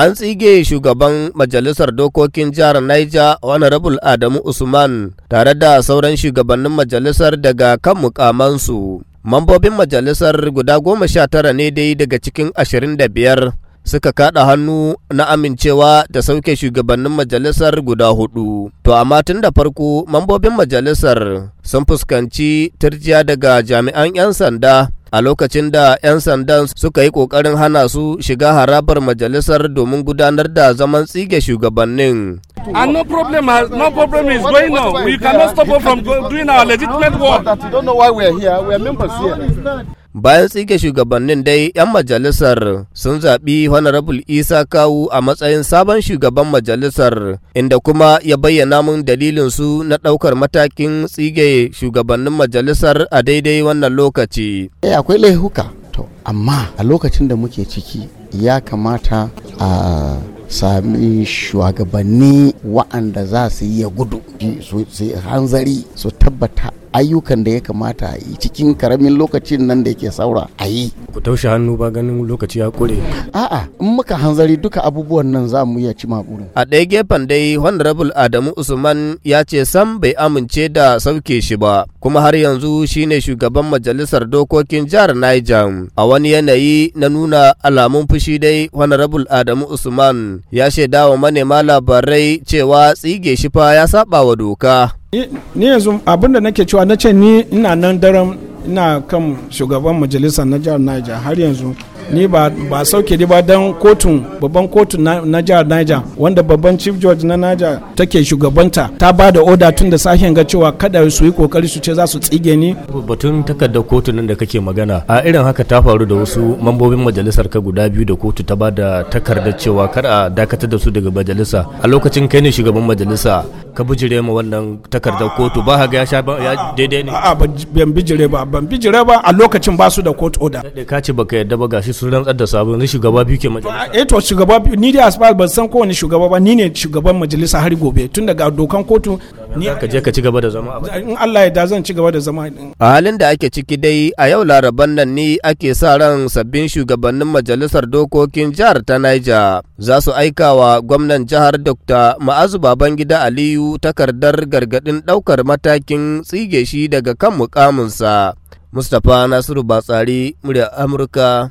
An tsige shugaban Majalisar Dokokin Jihar Niger Honorable Adamu Usman tare da sauran shugabannin majalisar daga kan mukamansu. Mambobin majalisar guda goma sha tara ne dai daga cikin ashirin da biyar suka kaɗa hannu na amincewa da sauke shugabannin majalisar guda hudu. To amma tun da farko mambobin majalisar sun fuskanci turjiya daga jami'an 'yan sanda. a lokacin da 'yan sandan suka yi ƙoƙarin hana su shiga harabar majalisar domin gudanar da zaman tsige shugabannin And no problem, has, no problem is going on. We cannot stop us from doing our legitimate work. You don't know why we are here. We are members here. Bayan tsige shugabannin dai 'yan majalisar sun zaɓi Honorable Isa Kawu a matsayin sabon shugaban majalisar inda kuma ya bayyana mun dalilin su na ɗaukar matakin tsige shugabannin majalisar a daidai wannan lokaci. Eh akwai laihuka to amma a lokacin da muke ciki ya kamata a sami shugabanni wa'anda za su yi ya gudu su hanzari su tabbata ayyukan da ya kamata a yi cikin karamin lokacin nan da yake saura a yi ku taushe hannu ba ganin lokaci ya kure a'a in muka hanzari duka abubuwan nan za mu iya cima burin a ɗaya gefen dai honorable adamu usman ya ce sam bai amince da sauke shi ba kuma har yanzu shine shugaban majalisar dokokin jihar niger a wani yanayi na nuna alamun fushi dai honorable adamu usman ya shaidawa manema labarai cewa tsige shi fa ya saba wa doka ni yanzu abinda nake cewa na ce ni ina nan daren ina kan shugaban majalisar na jihar niger har yanzu ni ba ba sauke ni ba dan kotun babban kotun na jihar Niger wanda babban chief judge na Niger take shugabanta ta ba da oda tun da sahen ga cewa kada su yi kokari su ce za su tsige ni batun takardar kotun nan da kake magana a irin haka ta faru da wasu mambobin majalisar ka guda biyu da kotu ta ba da takardar cewa kar a dakatar da su daga majalisa a lokacin kai ne shugaban majalisa ka bijire ma wannan takardar kotu ba ga ya sha daidai ne a'a ban bijire ba ban bijire ba a lokacin ba su da court order ka ce baka yadda ba gashi sun rantsar da sabon shugaba biyu ke majalisa eh to shugaba biyu ni dai asbal ban san kowane shugaba ba ni ne shugaban majalisa har gobe tun daga dokan kotu ni ka je ka ci gaba da zama in Allah ya da zan ci gaba da zama a halin da ake ciki dai a yau laraban nan ne ake sa ran sabbin shugabannin majalisar dokokin jihar ta Niger za su aika wa gwamnan jihar Dr. Ma'azu Babangida Aliyu takardar gargadin daukar matakin tsige shi daga kan mukaminsa Mustapha Nasiru Batsari, murya Amurka